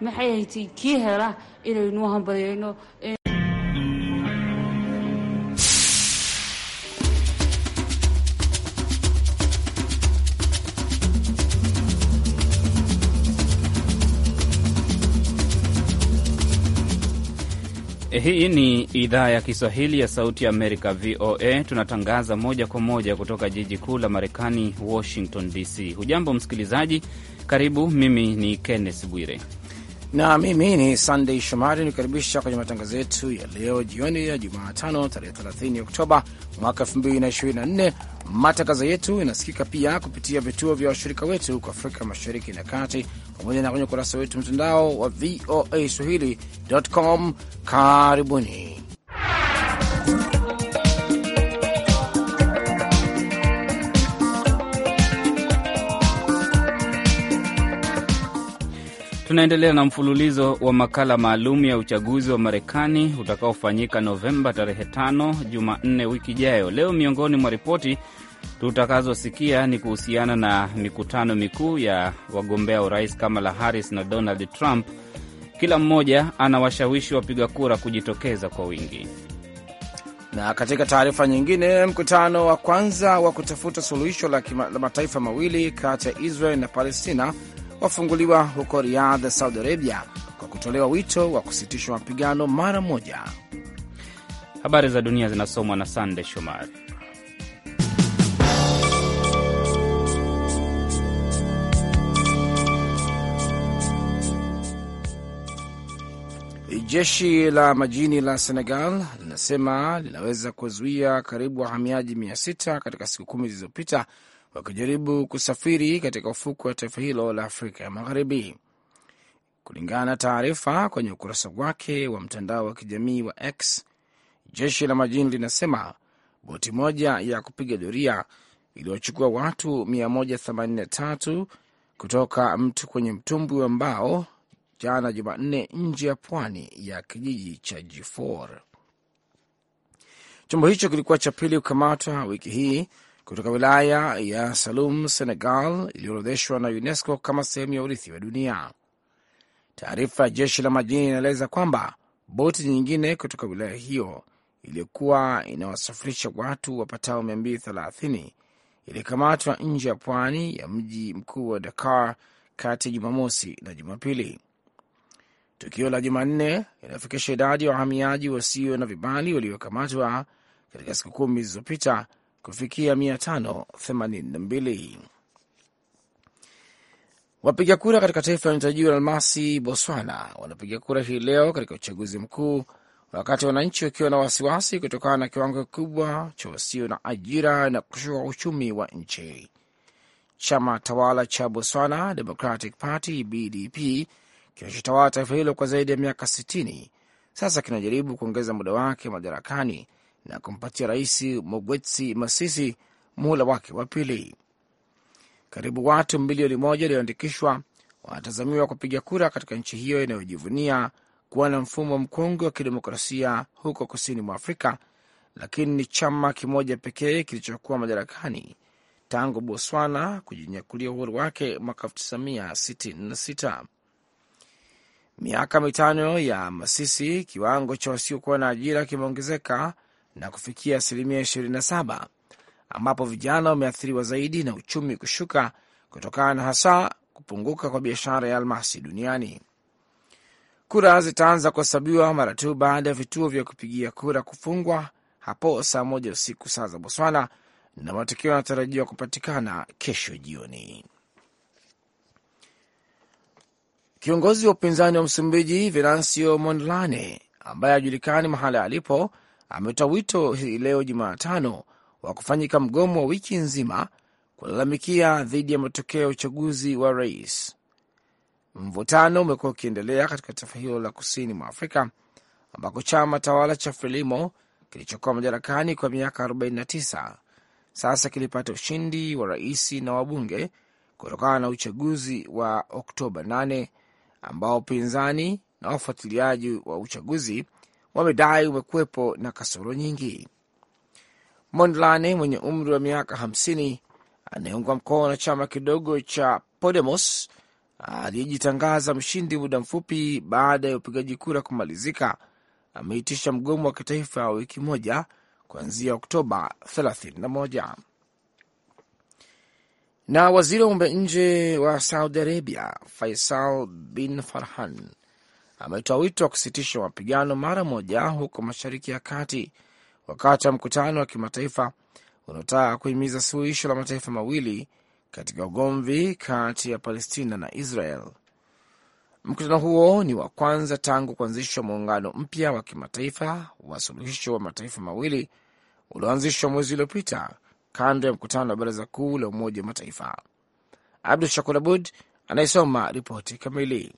maxay haytay kii hela inaynu hambalyayno eh. Hii ni idhaa ya Kiswahili ya Sauti ya Amerika, VOA. Tunatangaza moja kwa moja kutoka jiji kuu la Marekani, Washington DC. Hujambo msikilizaji, karibu. Mimi ni Kenneth Bwire na mimi ni sandey Shomari nikukaribisha kwenye matangazo yetu ya leo jioni ya Jumatano tarehe 30 Oktoba mwaka 2024. Matangazo yetu inasikika pia kupitia vituo vya washirika wetu huko Afrika Mashariki na Kati, pamoja na kwenye ukurasa wetu mtandao wa VOA Swahili.com. Karibuni. Tunaendelea na mfululizo wa makala maalum ya uchaguzi wa Marekani utakaofanyika Novemba tarehe 5, Jumanne wiki ijayo. Leo miongoni mwa ripoti tutakazosikia ni kuhusiana na mikutano mikuu ya wagombea urais Kamala Harris na Donald Trump. Kila mmoja anawashawishi wapiga kura kujitokeza kwa wingi. Na katika taarifa nyingine, mkutano wa kwanza wa kutafuta suluhisho la mataifa mawili kati ya Israel na Palestina wafunguliwa huko Riyadh, Saudi Arabia, kwa kutolewa wito wa kusitishwa mapigano mara moja. Habari za dunia zinasomwa na Sande Shomari. Jeshi la majini la Senegal linasema linaweza kuzuia karibu wahamiaji mia sita katika siku kumi zilizopita wakijaribu kusafiri katika ufuku wa taifa hilo la Afrika ya Magharibi. Kulingana na taarifa kwenye ukurasa wake wa mtandao wa kijamii wa X, jeshi la majini linasema boti moja ya kupiga doria iliwachukua watu 183 kutoka mtu kwenye mtumbwi wa mbao jana Jumanne nje ya pwani ya kijiji cha G4. Chombo hicho kilikuwa cha pili kukamatwa wiki hii kutoka wilaya ya Salum, Senegal, iliyoorodheshwa na UNESCO kama sehemu ya urithi wa dunia. Taarifa ya jeshi la majini inaeleza kwamba boti nyingine kutoka wilaya hiyo iliyokuwa inawasafirisha watu wapatao 230 ilikamatwa nje ya pwani ya mji mkuu wa Dakar kati ya Jumamosi na Jumapili. Tukio la Jumanne linafikisha idadi ya wahamiaji wasio na vibali waliokamatwa katika siku kumi zilizopita kufikia 582. Wapiga kura katika taifa la nchi la almasi Botswana wanapiga kura hii leo katika uchaguzi mkuu, wakati wananchi wakiwa na wasiwasi kutokana na kiwango kikubwa cha wasio na ajira na kushuka uchumi wa nchi. Chama tawala cha Botswana Democratic Party BDP kinachotawala taifa hilo kwa zaidi ya miaka 60 sasa kinajaribu kuongeza muda wake madarakani na kumpatia rais Mogwetsi Masisi muhula wake wa pili. Karibu watu milioni moja walioandikishwa wanatazamiwa kupiga kura katika nchi hiyo inayojivunia kuwa na mfumo mkongwe wa kidemokrasia huko kusini mwa Afrika, lakini ni chama kimoja pekee kilichokuwa madarakani tangu Botswana kujinyakulia uhuru wake mwaka 1966. Miaka mitano ya Masisi, kiwango cha wasiokuwa na ajira kimeongezeka na kufikia asilimia 27, ambapo vijana wameathiriwa zaidi na uchumi kushuka kutokana na hasa kupunguka kwa biashara ya almasi duniani. Kura zitaanza kuhesabiwa mara tu baada ya vituo vya kupigia kura kufungwa hapo saa moja usiku saa za Botswana, na matokeo yanatarajiwa kupatikana kesho jioni. Kiongozi wa upinzani wa Msumbiji Venancio Mondlane ambaye hajulikani mahala alipo ametoa wito hii leo Jumatano wa kufanyika mgomo wa wiki nzima kulalamikia dhidi ya matokeo ya uchaguzi wa rais. Mvutano umekuwa ukiendelea katika taifa hilo la kusini mwa Afrika ambako chama tawala cha Frelimo kilichokuwa madarakani kwa miaka 49 sasa kilipata ushindi wa rais na wabunge kutokana na uchaguzi wa Oktoba 8 ambao upinzani na wafuatiliaji wa uchaguzi wamedai umekuwepo na kasoro nyingi. Mondlane mwenye umri wa miaka 50 anayeungwa mkono na chama kidogo cha Podemos aliyejitangaza mshindi muda mfupi baada ya upigaji kura kumalizika, ameitisha mgomo wa kitaifa wa wiki moja kuanzia Oktoba 31. Na waziri wa mambo ya nje wa Saudi Arabia Faisal bin Farhan ametoa wito wa kusitisha mapigano mara moja huko Mashariki ya Kati wakati wa mkutano wa kimataifa unaotaka kuhimiza suluhisho la mataifa mawili katika ugomvi kati ya Palestina na Israel. Mkutano huo ni wa kwanza tangu kuanzishwa muungano mpya wa kimataifa wa suluhisho wa mataifa mawili ulioanzishwa mwezi uliopita kando ya mkutano wa baraza kuu la Umoja wa Mataifa. Abdu Shakur Abud anayesoma ripoti kamili.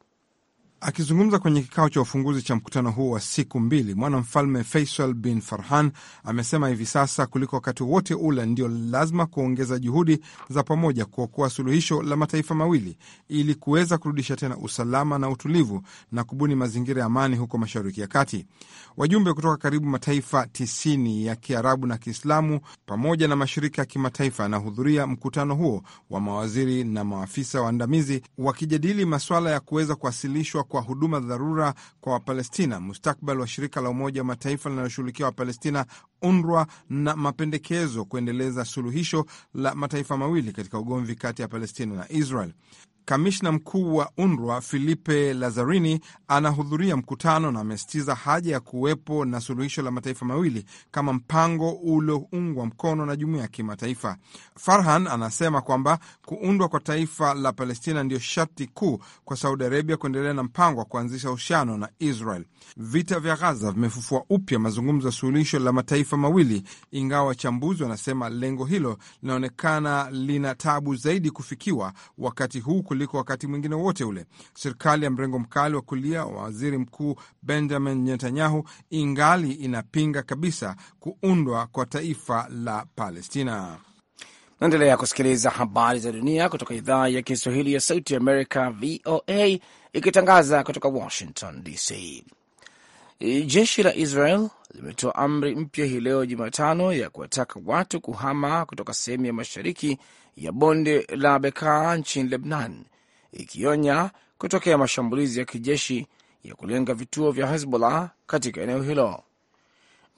Akizungumza kwenye kikao cha ufunguzi cha mkutano huo wa siku mbili, mwanamfalme Faisal bin Farhan amesema hivi sasa kuliko wakati wote ule ndio lazima kuongeza juhudi za pamoja kuokoa suluhisho la mataifa mawili ili kuweza kurudisha tena usalama na utulivu na kubuni mazingira ya amani huko Mashariki ya Kati. Wajumbe kutoka karibu mataifa tisini ya Kiarabu na Kiislamu pamoja na mashirika ya kimataifa yanahudhuria mkutano huo wa mawaziri na maafisa waandamizi wakijadili masuala ya kuweza kuwasilishwa kwa huduma za dharura kwa Wapalestina, mustakbal wa shirika la Umoja wa Mataifa linaloshughulikia Wapalestina UNRWA na mapendekezo kuendeleza suluhisho la mataifa mawili katika ugomvi kati ya Palestina na Israel. Kamishna mkuu wa UNRWA Filipe Lazarini anahudhuria mkutano na amesitiza haja ya kuwepo na suluhisho la mataifa mawili kama mpango ulioungwa mkono na jumuiya ya kimataifa. Farhan anasema kwamba kuundwa kwa taifa la Palestina ndiyo sharti kuu kwa Saudi Arabia kuendelea na mpango wa kuanzisha uhusiano na Israel. Vita vya Gaza vimefufua upya mazungumzo ya suluhisho la mataifa mawili, ingawa wachambuzi wanasema lengo hilo linaonekana lina tabu zaidi kufikiwa wakati huu kuliko wakati mwingine wote ule. Serikali ya mrengo mkali wa kulia wa waziri mkuu Benjamin Netanyahu ingali inapinga kabisa kuundwa kwa taifa la Palestina. Naendelea kusikiliza habari za dunia kutoka idhaa ya Kiswahili ya Sauti Amerika, VOA, ikitangaza kutoka Washington DC. Jeshi la Israel limetoa amri mpya hii leo Jumatano ya kuwataka watu kuhama kutoka sehemu ya mashariki ya bonde la Bekaa nchini Lebnan, ikionya kutokea mashambulizi ya kijeshi ya kulenga vituo vya Hezbollah katika eneo hilo.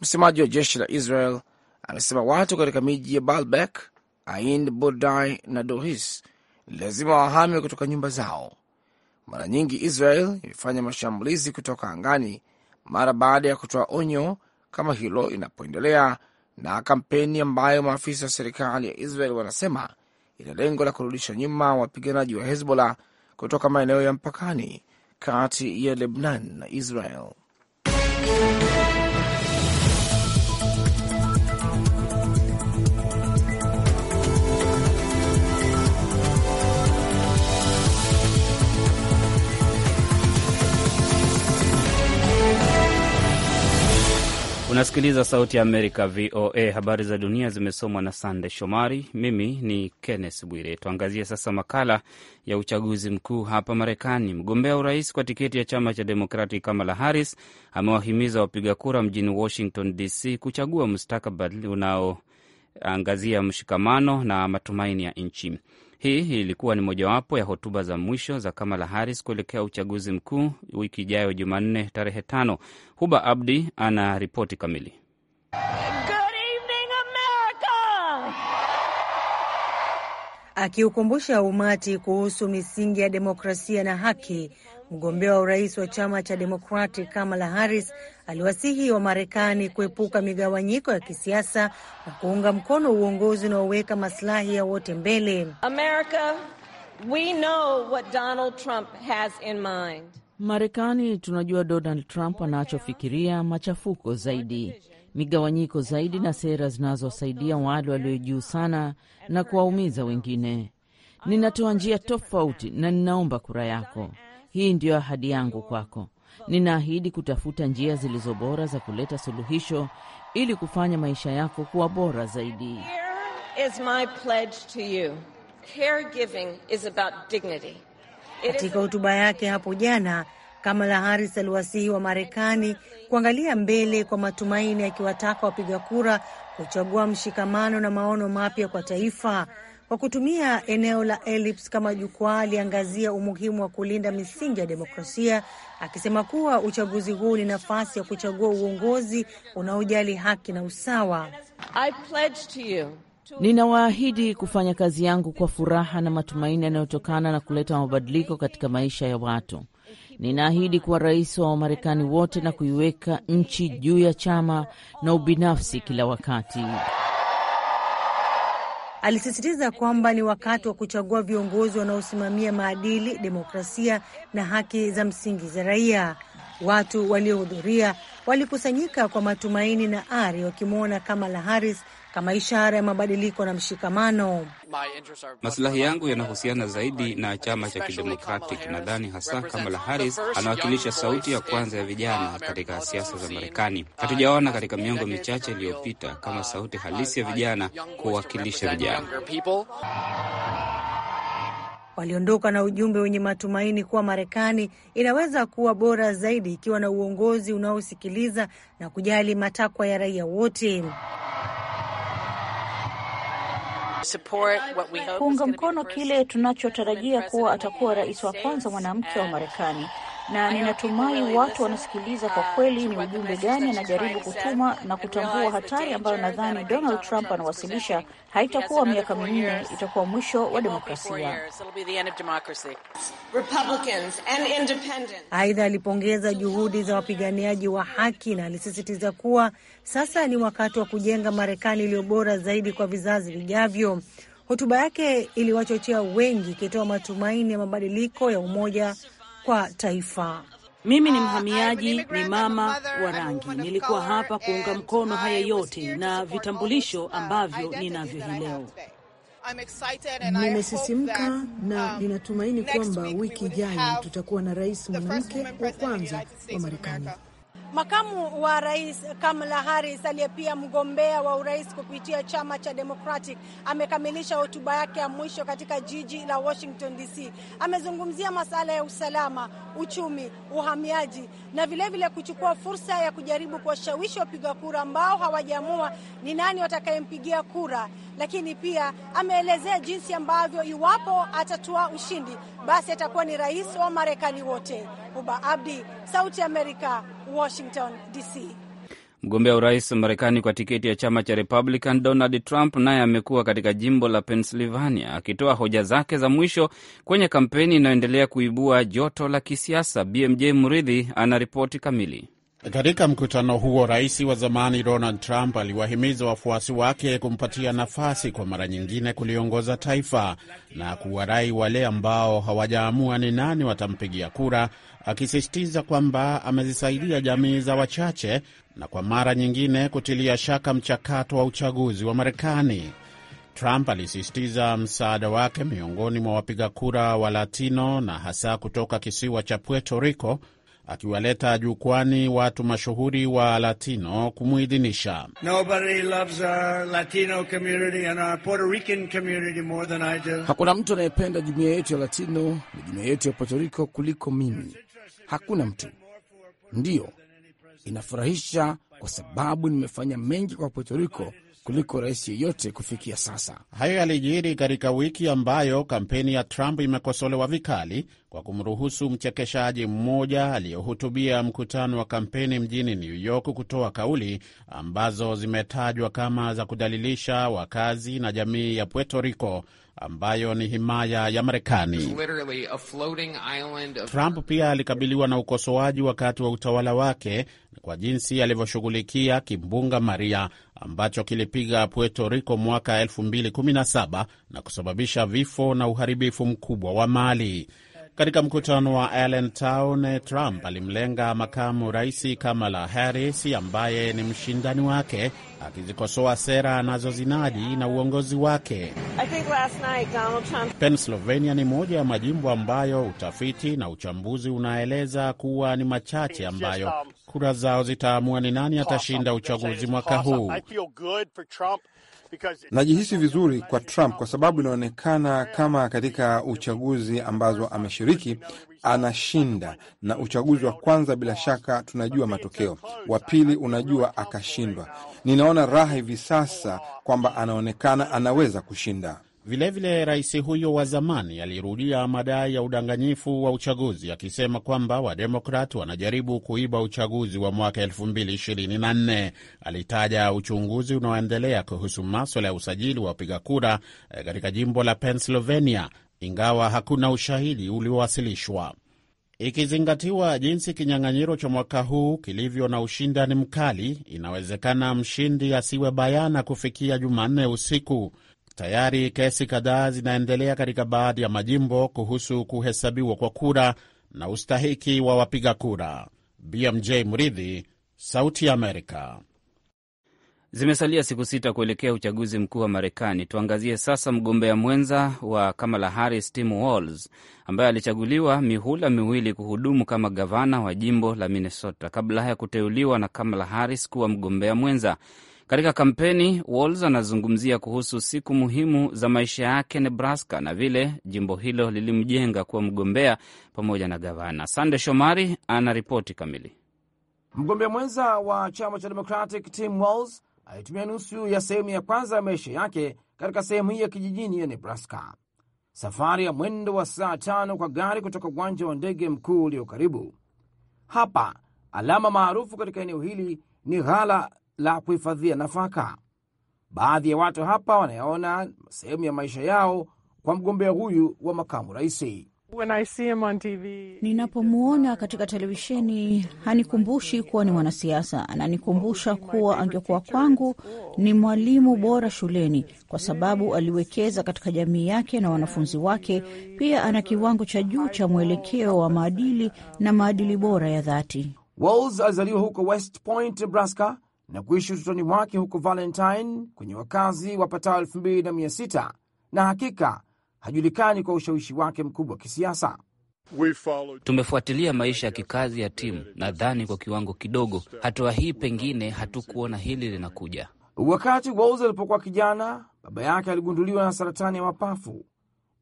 Msemaji wa jeshi la Israel amesema watu katika miji ya Baalbek, Ain, burdai na Dohis lazima wahame kutoka nyumba zao. Mara nyingi Israel imefanya mashambulizi kutoka angani mara baada ya kutoa onyo kama hilo inapoendelea, na kampeni ambayo maafisa wa serikali ya Israel wanasema ina lengo la kurudisha nyuma wapiganaji wa Hezbollah kutoka maeneo ya mpakani kati ya Lebnan na Israel. Unasikiliza Sauti ya Amerika, VOA. Habari za dunia zimesomwa na Sande Shomari. Mimi ni Kenneth Bwire. Tuangazie sasa makala ya uchaguzi mkuu hapa Marekani. Mgombea urais kwa tiketi ya chama cha Demokrati Kamala Harris amewahimiza wapiga kura mjini Washington DC kuchagua mustakabali unaoangazia mshikamano na matumaini ya nchi. Hii ilikuwa ni mojawapo ya hotuba za mwisho za Kamala Harris kuelekea uchaguzi mkuu wiki ijayo Jumanne tarehe tano. Huba Abdi ana ripoti kamili. Akiukumbusha umati kuhusu misingi ya demokrasia na haki Mgombea wa urais wa chama cha Demokrati Kamala Harris aliwasihi wa marekani kuepuka migawanyiko ya kisiasa na kuunga mkono uongozi unaoweka masilahi ya wote mbele. America, we know what Donald Trump has in mind. Marekani, tunajua Donald Trump anachofikiria: machafuko zaidi, migawanyiko zaidi, na sera zinazosaidia wale walio juu sana na kuwaumiza wengine. Ninatoa njia tofauti na ninaomba kura yako. Hii ndiyo ahadi yangu kwako. Ninaahidi kutafuta njia zilizo bora za kuleta suluhisho ili kufanya maisha yako kuwa bora zaidi. Katika hotuba yake hapo jana, Kamala Harris aliwasihi wa Marekani kuangalia mbele kwa matumaini, akiwataka wapiga kura kuchagua mshikamano na maono mapya kwa taifa. Kwa kutumia eneo la Elips kama jukwaa, aliangazia umuhimu wa kulinda misingi ya demokrasia, akisema kuwa uchaguzi huu ni nafasi ya kuchagua uongozi unaojali haki na usawa. Ninawaahidi kufanya kazi yangu kwa furaha na matumaini yanayotokana na kuleta mabadiliko katika maisha ya watu. Ninaahidi kuwa rais wa Wamarekani wote na kuiweka nchi juu ya chama na ubinafsi kila wakati. Alisisitiza kwamba ni wakati wa kuchagua viongozi wanaosimamia maadili, demokrasia na haki za msingi za raia. Watu waliohudhuria walikusanyika kwa matumaini na ari, wakimwona Kamala Harris kama ishara ya mabadiliko na mshikamano. Masilahi yangu yanahusiana zaidi na chama cha Kidemokratic. Nadhani hasa Kamala Harris anawakilisha sauti ya kwanza ya vijana katika siasa za Marekani. Hatujaona katika miongo michache iliyopita kama sauti halisi ya vijana kuwakilisha vijana. Waliondoka na ujumbe wenye matumaini kuwa Marekani inaweza kuwa bora zaidi ikiwa na uongozi unaosikiliza na kujali matakwa ya raia wote kuunga mkono kile tunachotarajia kuwa atakuwa rais wa kwanza mwanamke wa Marekani na ninatumai watu wanasikiliza kwa uh, kweli ni ujumbe gani anajaribu kutuma na kutambua hatari ambayo nadhani Donald Trump anawasilisha. Haitakuwa miaka minne, itakuwa mwisho wa demokrasia. Aidha, alipongeza juhudi za wapiganiaji wa haki na alisisitiza kuwa sasa ni wakati wa kujenga Marekani iliyo bora zaidi kwa vizazi vijavyo. Hotuba yake iliwachochea wengi, ikitoa matumaini ya mabadiliko ya umoja kwa taifa. Mimi ni ah, mhamiaji, ni mama wa rangi. Nilikuwa hapa kuunga mkono haya yote na vitambulisho uh, ambavyo ninavyo hii leo. Nimesisimka na um, ninatumaini kwamba wiki ijayo tutakuwa na rais mwanamke wa kwanza wa Marekani. Makamu wa rais Kamala Harris aliye pia mgombea wa urais kupitia chama cha Democratic amekamilisha hotuba yake ya mwisho katika jiji la Washington DC. Amezungumzia masuala ya usalama, uchumi, uhamiaji na vilevile vile kuchukua fursa ya kujaribu kuwashawishi wapiga kura ambao hawajaamua ni nani watakayempigia kura, lakini pia ameelezea jinsi ambavyo iwapo atatua ushindi, basi atakuwa ni rais wa Marekani wote. Uba Abdi, Sauti Amerika, Washington DC. Mgombea urais Marekani kwa tiketi ya chama cha Republican Donald Trump naye amekuwa katika jimbo la Pennsylvania akitoa hoja zake za mwisho kwenye kampeni inayoendelea kuibua joto la kisiasa. BMJ Mridhi ana ripoti kamili. Katika mkutano huo, rais wa zamani Donald Trump aliwahimiza wafuasi wake kumpatia nafasi kwa mara nyingine kuliongoza taifa na kuwarai wale ambao hawajaamua ni nani watampigia kura akisisitiza kwamba amezisaidia jamii za wachache na kwa mara nyingine kutilia shaka mchakato wa uchaguzi wa Marekani. Trump alisisitiza msaada wake miongoni mwa wapiga kura wa Latino na hasa kutoka kisiwa cha Puerto Rico, akiwaleta jukwani watu mashuhuri wa Latino kumwidhinisha. Hakuna mtu anayependa jumuiya yetu ya Latino na jumuiya yetu ya Puerto Rico kuliko mimi hakuna mtu. Ndiyo, inafurahisha kwa sababu nimefanya mengi kwa Puerto Rico kuliko rais yeyote kufikia sasa. Hayo yalijiri katika wiki ambayo kampeni ya Trump imekosolewa vikali kwa kumruhusu mchekeshaji mmoja aliyehutubia mkutano wa kampeni mjini New York kutoa kauli ambazo zimetajwa kama za kudalilisha wakazi na jamii ya Puerto Rico ambayo ni himaya ya Marekani. Trump pia alikabiliwa na ukosoaji wakati wa utawala wake kwa jinsi alivyoshughulikia kimbunga Maria ambacho kilipiga Puerto Rico mwaka 2017 na kusababisha vifo na uharibifu mkubwa wa mali. Katika mkutano wa Allentown, Trump alimlenga makamu rais Kamala Harris ambaye ni mshindani wake, akizikosoa sera anazozinadi na uongozi wake. Trump... Pennsylvania ni moja ya majimbo ambayo utafiti na uchambuzi unaeleza kuwa ni machache ambayo kura zao zitaamua ni nani atashinda uchaguzi mwaka huu. Najihisi vizuri kwa Trump kwa sababu inaonekana kama katika uchaguzi ambazo ameshiriki anashinda, na uchaguzi wa kwanza bila shaka tunajua matokeo, wa pili unajua akashindwa. Ninaona raha hivi sasa kwamba anaonekana anaweza kushinda. Vilevile, rais huyo wa zamani alirudia madai ya udanganyifu wa uchaguzi akisema kwamba Wademokrat wanajaribu kuiba uchaguzi wa mwaka 2024. Alitaja uchunguzi unaoendelea kuhusu maswala ya usajili wa wapiga kura eh, katika jimbo la Pennsylvania, ingawa hakuna ushahidi uliowasilishwa. Ikizingatiwa jinsi kinyang'anyiro cha mwaka huu kilivyo na ushindani mkali, inawezekana mshindi asiwe bayana kufikia Jumanne usiku. Tayari kesi kadhaa zinaendelea katika baadhi ya majimbo kuhusu kuhesabiwa kwa kura na ustahiki wa wapiga kura. BMJ Mridhi, Sauti ya Amerika. Zimesalia siku sita kuelekea uchaguzi mkuu wa Marekani. Tuangazie sasa mgombea mwenza wa Kamala Harris, Tim Walz, ambaye alichaguliwa mihula miwili kuhudumu kama gavana wa jimbo la Minnesota kabla ya kuteuliwa na Kamala Harris kuwa mgombea mwenza. Katika kampeni, walls anazungumzia kuhusu siku muhimu za maisha yake Nebraska na vile jimbo hilo lilimjenga kuwa mgombea pamoja na gavana. Sande Shomari anaripoti kamili. Mgombea mwenza wa chama cha Democratic Tim walls alitumia nusu ya sehemu ya kwanza ya maisha yake katika sehemu hii ya kijijini ya Nebraska. Safari ya mwendo wa saa tano kwa gari kutoka uwanja wa ndege mkuu ulio karibu hapa. Alama maarufu katika eneo hili ni ghala la kuhifadhia nafaka. Baadhi ya watu hapa wanayaona sehemu ya maisha yao kwa mgombea huyu wa makamu raisi. Ninapomwona katika televisheni hanikumbushi kuwa ni mwanasiasa, ananikumbusha kuwa angekuwa kwangu ni mwalimu bora shuleni, kwa sababu aliwekeza katika jamii yake na wanafunzi wake. Pia ana kiwango cha juu cha mwelekeo wa maadili na maadili bora ya dhati. Walls alizaliwa huko West Point, Nebraska, na kuishi utotoni mwake huko Valentine kwenye wakazi wapatao 26 na hakika hajulikani kwa ushawishi wake mkubwa wa kisiasa. Tumefuatilia maisha ya kikazi ya timu, nadhani kwa kiwango kidogo. Hatua hii pengine hatukuona hili linakuja. Wakati Walls alipokuwa kijana, baba yake aligunduliwa na saratani ya mapafu.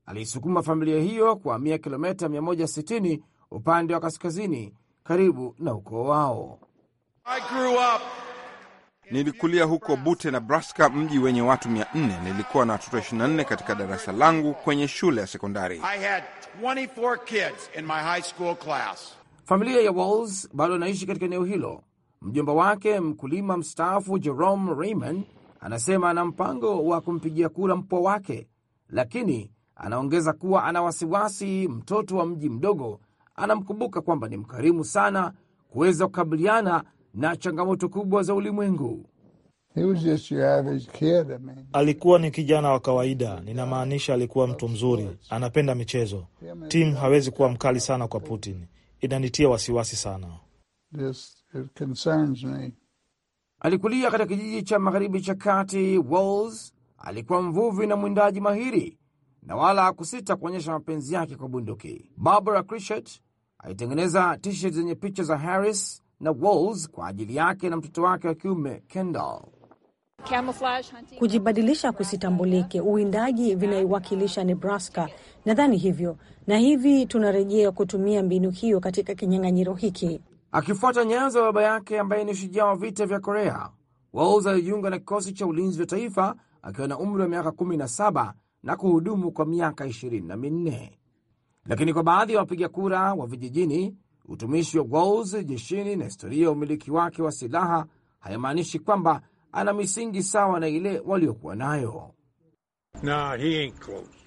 Aliisukuma familia hiyo kuhamia kilometa 160 upande wa kaskazini karibu na ukoo wao. I grew up. Nilikulia huko Butte, Nebraska, mji wenye watu 400. Nilikuwa na watoto 24 katika darasa langu kwenye shule ya sekondari. Familia ya Walls bado anaishi katika eneo hilo. Mjomba wake mkulima mstaafu Jerome Raymond anasema ana mpango wa kumpigia kura mpwa wake, lakini anaongeza kuwa ana wasiwasi mtoto wa mji mdogo anamkumbuka kwamba ni mkarimu sana kuweza kukabiliana na changamoto kubwa za ulimwengu. Alikuwa ni kijana wa kawaida, ninamaanisha alikuwa mtu mzuri, anapenda michezo. Tim hawezi kuwa mkali sana kwa Putin, inanitia wasiwasi sana. alikulia katika kijiji cha magharibi cha kati Wales. Alikuwa mvuvi na mwindaji mahiri na wala hakusita kuonyesha mapenzi yake kwa bunduki. Barbara Critchett alitengeneza tishet zenye picha za Harris na Walls kwa ajili yake na mtoto wake wa kiume Kendall. Kujibadilisha kusitambulike, uwindaji vinaiwakilisha Nebraska, nadhani hivyo, na hivi tunarejea kutumia mbinu hiyo katika kinyang'anyiro hiki. Akifuata nyanzo ya baba yake ambaye ni shujaa wa vita vya Korea, Walls alijiunga na kikosi cha ulinzi wa taifa akiwa na umri wa miaka 17 na kuhudumu kwa miaka 24. Lakini kwa baadhi ya wapiga kura wa vijijini Utumishi wa Walls jeshini na historia ya umiliki wake wa silaha hayamaanishi kwamba ana misingi sawa na ile waliokuwa nayo. Nah,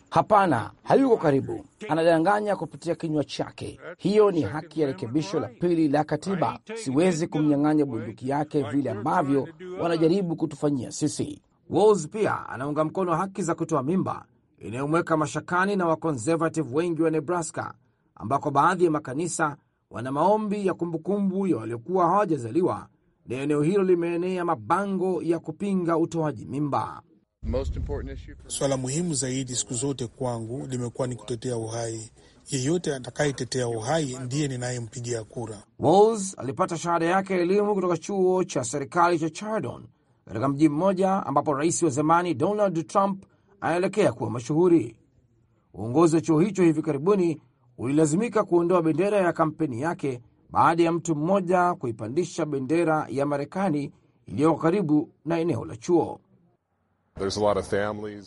hapana, hayuko karibu, anadanganya kupitia kinywa chake. Hiyo ni haki ya rekebisho la pili la katiba. Siwezi kumnyang'anya bunduki yake vile ambavyo wanajaribu kutufanyia sisi. Walls pia anaunga mkono haki za kutoa mimba inayomweka mashakani na wakonservative wengi wa Nebraska, ambako baadhi ya makanisa wana maombi ya kumbukumbu ya waliokuwa hawajazaliwa, na eneo hilo limeenea mabango ya kupinga utoaji mimba. Swala muhimu zaidi siku zote kwangu limekuwa ni kutetea uhai. Yeyote atakayetetea uhai ndiye ninayempigia kura. Walls alipata shahada yake ya elimu kutoka chuo cha serikali cha Chardon katika mji mmoja ambapo rais wa zamani Donald Trump anaelekea kuwa mashuhuri. Uongozi wa chuo hicho hivi karibuni ulilazimika kuondoa bendera ya kampeni yake baada ya mtu mmoja kuipandisha bendera ya Marekani iliyoko karibu na eneo la chuo.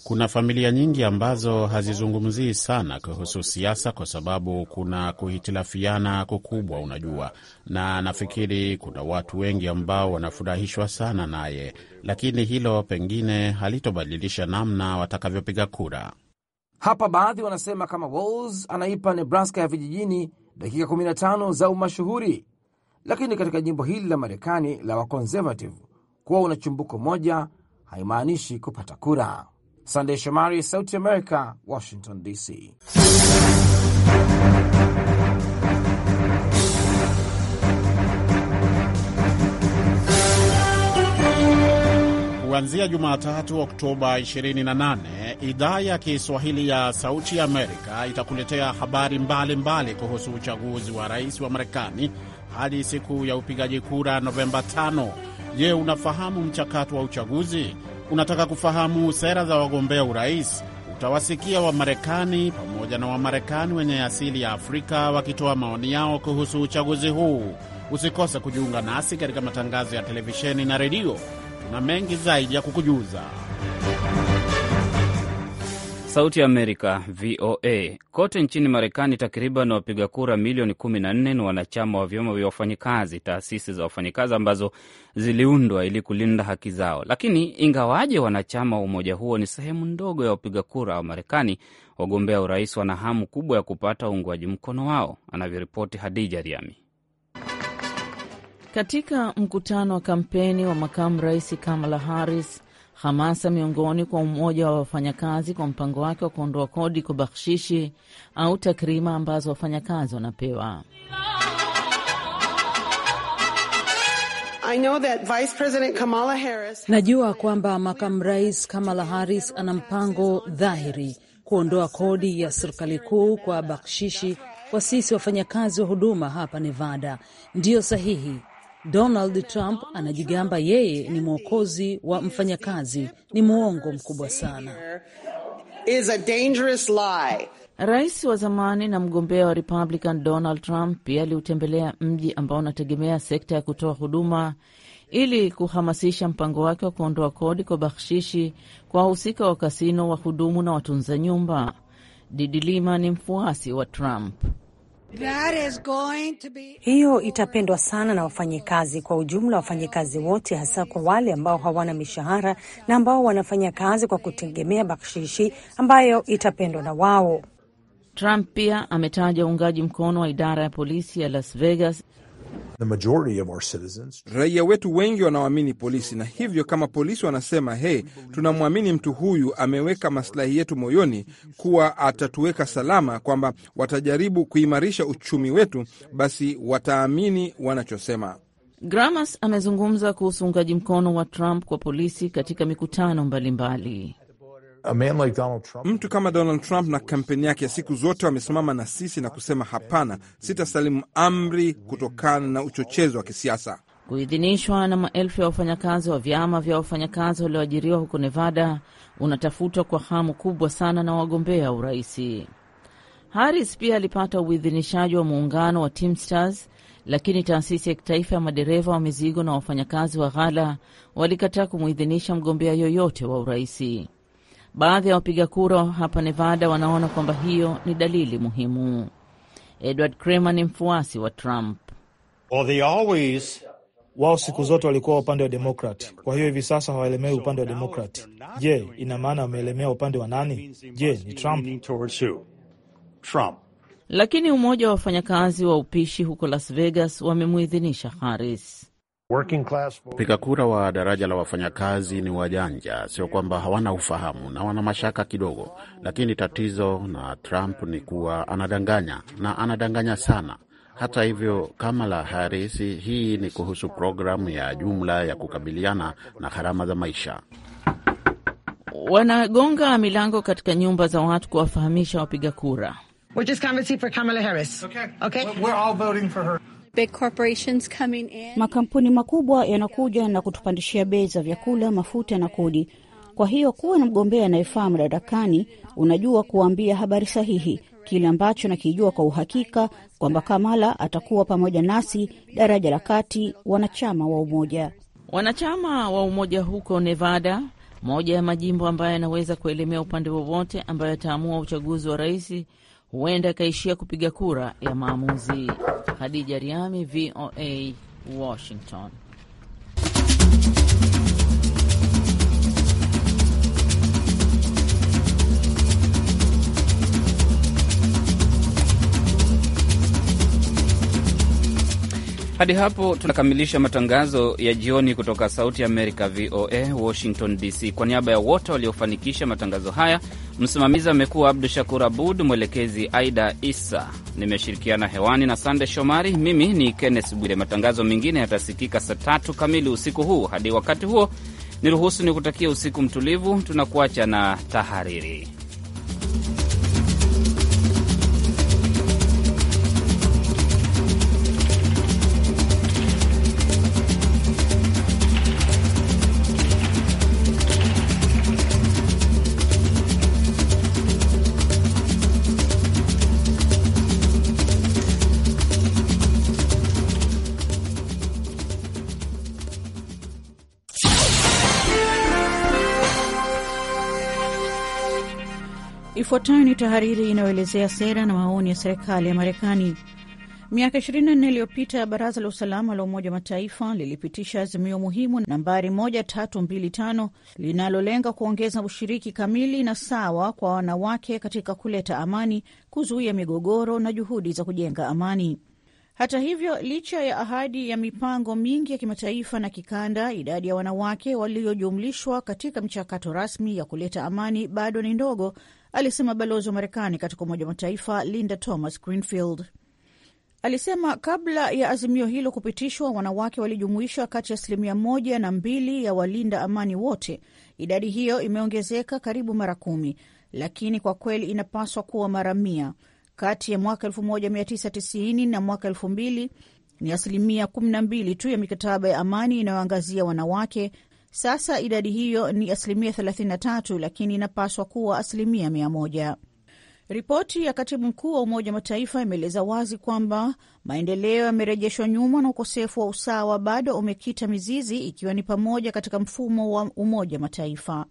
Kuna familia nyingi ambazo hazizungumzii sana kuhusu siasa kwa sababu kuna kuhitilafiana kukubwa, unajua, na nafikiri kuna watu wengi ambao wanafurahishwa sana naye, lakini hilo pengine halitobadilisha namna watakavyopiga kura. Hapa baadhi wanasema kama Walls anaipa Nebraska ya vijijini dakika 15 za umashuhuri, lakini katika jimbo hili la Marekani la wakonservative kuwa una chumbuko moja haimaanishi kupata kura. Sandey Shomari, Sauti America, Washington DC. Kuanzia Jumatatu Oktoba 28, idhaa ya Kiswahili ya Sauti ya Amerika itakuletea habari mbalimbali mbali kuhusu uchaguzi wa rais wa Marekani hadi siku ya upigaji kura Novemba 5. Je, unafahamu mchakato wa uchaguzi? Unataka kufahamu sera za wagombea urais? Utawasikia Wamarekani pamoja na Wamarekani wenye asili ya Afrika wakitoa maoni yao kuhusu uchaguzi huu. Usikose kujiunga nasi katika matangazo ya televisheni na redio na mengi zaidi ya kukujuza. Sauti ya Amerika, VOA. Kote nchini Marekani, takriban wapiga kura milioni 14 ni wanachama wa vyama vya wafanyikazi, taasisi za wafanyikazi ambazo ziliundwa ili kulinda haki zao. Lakini ingawaje wanachama wa umoja huo ni sehemu ndogo ya wapiga kura wa Marekani, wagombea urais wana hamu kubwa ya kupata uungwaji mkono wao, anavyoripoti Hadija Riami. Katika mkutano wa kampeni wa makamu rais Kamala Harris, hamasa miongoni kwa umoja wa wafanyakazi kwa mpango wake wa kuondoa kodi kwa bakshishi au takrima ambazo wafanyakazi wanapewa. Harris... najua kwamba makamu rais Kamala Harris ana mpango dhahiri kuondoa kodi ya serikali kuu kwa bakshishi kwa sisi wafanyakazi wa huduma hapa Nevada. Ndiyo sahihi, Donald Trump anajigamba yeye ni mwokozi wa mfanyakazi ni mwongo mkubwa sana. Rais wa zamani na mgombea wa Republican Donald Trump pia aliutembelea mji ambao unategemea sekta ya kutoa huduma ili kuhamasisha mpango wake wa kuondoa kodi kwa bakshishi kwa wahusika wa kasino, wahudumu na watunza nyumba. Didilima ni mfuasi wa Trump hiyo itapendwa sana na wafanyikazi kwa ujumla, wafanyikazi wote, hasa kwa wale ambao hawana mishahara na ambao wanafanya kazi kwa kutegemea bakshishi, ambayo itapendwa na wao. Trump pia ametaja uungaji mkono wa idara ya polisi ya Las Vegas Raia wetu wengi wanaoamini polisi, na hivyo kama polisi wanasema he tunamwamini mtu huyu, ameweka maslahi yetu moyoni, kuwa atatuweka salama, kwamba watajaribu kuimarisha uchumi wetu, basi wataamini wanachosema. Gramas amezungumza kuhusu uungaji mkono wa Trump kwa polisi katika mikutano mbalimbali mbali. Like mtu kama Donald Trump na kampeni yake ya siku zote wamesimama na sisi na kusema hapana, sitasalimu amri kutokana na uchochezi wa kisiasa. Kuidhinishwa na maelfu ya wafanyakazi wa vyama vya wafanyakazi walioajiriwa huko Nevada unatafutwa kwa hamu kubwa sana na wagombea uraisi. Harris pia alipata uidhinishaji wa muungano wa Teamsters, lakini taasisi ya kitaifa ya madereva wa mizigo na wafanyakazi wa ghala walikataa kumwidhinisha mgombea yoyote wa uraisi. Baadhi ya wapiga kura hapa Nevada wanaona kwamba hiyo ni dalili muhimu. Edward Kremer ni mfuasi wa Trump. Well, always... wao siku zote walikuwa upande wa Demokrat, kwa hiyo hivi sasa hawaelemei upande wa Demokrat. Je, ina maana wameelemea upande wa nani? Je, ni Trump? Trump. Lakini umoja wa wafanyakazi wa upishi huko Las Vegas wamemwidhinisha Harris. Wapiga kura wa daraja la wafanyakazi ni wajanja, sio kwamba hawana ufahamu na wana mashaka kidogo, lakini tatizo na Trump ni kuwa anadanganya na anadanganya sana. Hata hivyo, Kamala Harris, hii ni kuhusu programu ya jumla ya kukabiliana na gharama za maisha. Wanagonga milango katika nyumba za watu kuwafahamisha wapiga kura. Big corporations coming in. Makampuni makubwa yanakuja na kutupandishia bei za vyakula, mafuta na kodi. Kwa hiyo kuwa na mgombea anayefaa madarakani, unajua kuwaambia habari sahihi, kile ambacho nakijua kwa uhakika kwamba Kamala atakuwa pamoja nasi, daraja la kati, wanachama wa umoja, wanachama wa umoja huko Nevada, moja ya majimbo ambayo yanaweza kuelemea upande wowote, ambayo yataamua uchaguzi wa rais huenda ikaishia kupiga kura ya maamuzi. Hadija Riami, VOA, Washington. Hadi hapo tunakamilisha matangazo ya jioni kutoka Sauti Amerika, VOA Washington DC. Kwa niaba ya wote waliofanikisha matangazo haya, msimamizi amekuwa Abdu Shakur Abud, mwelekezi Aida Isa, nimeshirikiana hewani na Sande Shomari. Mimi ni Kenneth Bwire. Matangazo mengine yatasikika saa tatu kamili usiku huu. Hadi wakati huo, niruhusu ni kutakia usiku mtulivu. Tunakuacha na tahariri. Ifuatayo ni tahariri inayoelezea sera na maoni ya serikali ya Marekani. Miaka 24 iliyopita baraza la usalama la Umoja wa Mataifa lilipitisha azimio muhimu nambari 1325 linalolenga kuongeza ushiriki kamili na sawa kwa wanawake katika kuleta amani, kuzuia migogoro na juhudi za kujenga amani. Hata hivyo, licha ya ahadi ya mipango mingi ya kimataifa na kikanda, idadi ya wanawake waliojumlishwa katika mchakato rasmi ya kuleta amani bado ni ndogo alisema balozi wa Marekani katika Umoja wa Mataifa Linda Thomas Greenfield. Alisema kabla ya azimio hilo kupitishwa, wanawake walijumuishwa kati ya asilimia moja na mbili ya walinda amani wote. Idadi hiyo imeongezeka karibu mara kumi, lakini kwa kweli inapaswa kuwa mara mia. Kati ya mwaka 1990 na mwaka 2000 ni asilimia 12 tu ya mikataba ya amani inayoangazia wanawake sasa idadi hiyo ni asilimia 33, lakini inapaswa kuwa asilimia 100. Ripoti ya katibu mkuu wa Umoja Mataifa imeeleza wazi kwamba maendeleo yamerejeshwa nyuma na ukosefu wa usawa bado umekita mizizi, ikiwa ni pamoja katika mfumo wa Umoja Mataifa.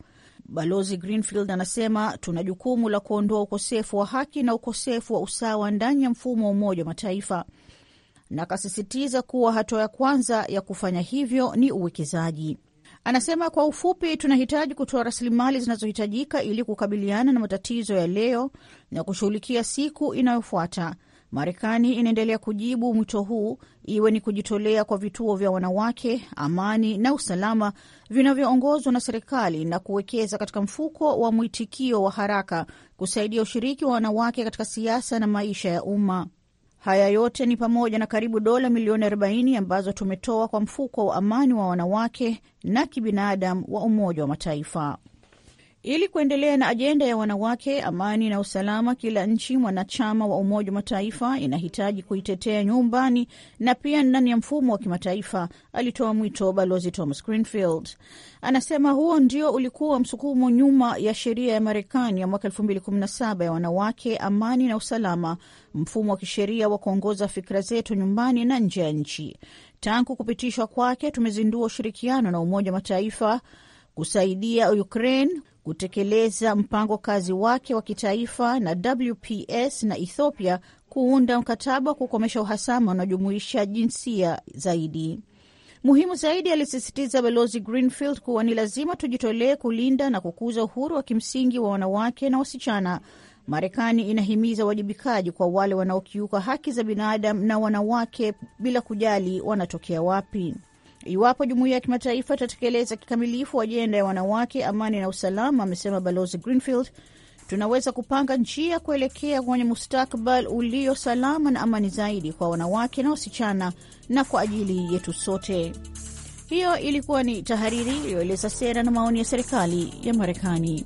Balozi Greenfield anasema tuna jukumu la kuondoa ukosefu wa haki na ukosefu wa usawa ndani ya mfumo wa Umoja wa Mataifa, na akasisitiza kuwa hatua ya kwanza ya kufanya hivyo ni uwekezaji. Anasema kwa ufupi, tunahitaji kutoa rasilimali zinazohitajika ili kukabiliana na matatizo ya leo na kushughulikia siku inayofuata. Marekani inaendelea kujibu mwito huu, iwe ni kujitolea kwa vituo vya wanawake, amani na usalama vinavyoongozwa na serikali na kuwekeza katika mfuko wa mwitikio wa haraka kusaidia ushiriki wa wanawake katika siasa na maisha ya umma. Haya yote ni pamoja na karibu dola milioni 40 ambazo tumetoa kwa mfuko wa amani wa wanawake na kibinadamu wa Umoja wa Mataifa. Ili kuendelea na ajenda ya wanawake, amani na usalama, kila nchi mwanachama wa Umoja wa Mataifa inahitaji kuitetea nyumbani na pia ndani ya mfumo wa kimataifa, alitoa mwito Balozi Thomas Greenfield. Anasema huo ndio ulikuwa msukumo nyuma ya sheria ya Marekani ya mwaka 2017 ya wanawake, amani na usalama, mfumo wa kisheria wa kuongoza fikra zetu nyumbani na nje ya nchi. Tangu kupitishwa kwake, tumezindua ushirikiano na Umoja wa Mataifa kusaidia Ukraine kutekeleza mpango kazi wake wa kitaifa na WPS na Ethiopia kuunda mkataba wa kukomesha uhasama unaojumuisha jinsia zaidi. Muhimu zaidi, alisisitiza Balozi Greenfield kuwa ni lazima tujitolee kulinda na kukuza uhuru wa kimsingi wa wanawake na wasichana. Marekani inahimiza uwajibikaji kwa wale wanaokiuka haki za binadamu na wanawake bila kujali wanatokea wapi iwapo jumuiya ya kimataifa itatekeleza kikamilifu ajenda ya wanawake, amani na usalama, amesema Balozi Greenfield, tunaweza kupanga njia kuelekea kwenye mustakbal ulio salama na amani zaidi kwa wanawake na wasichana na kwa ajili yetu sote. Hiyo ilikuwa ni tahariri iliyoeleza sera na maoni ya serikali ya Marekani.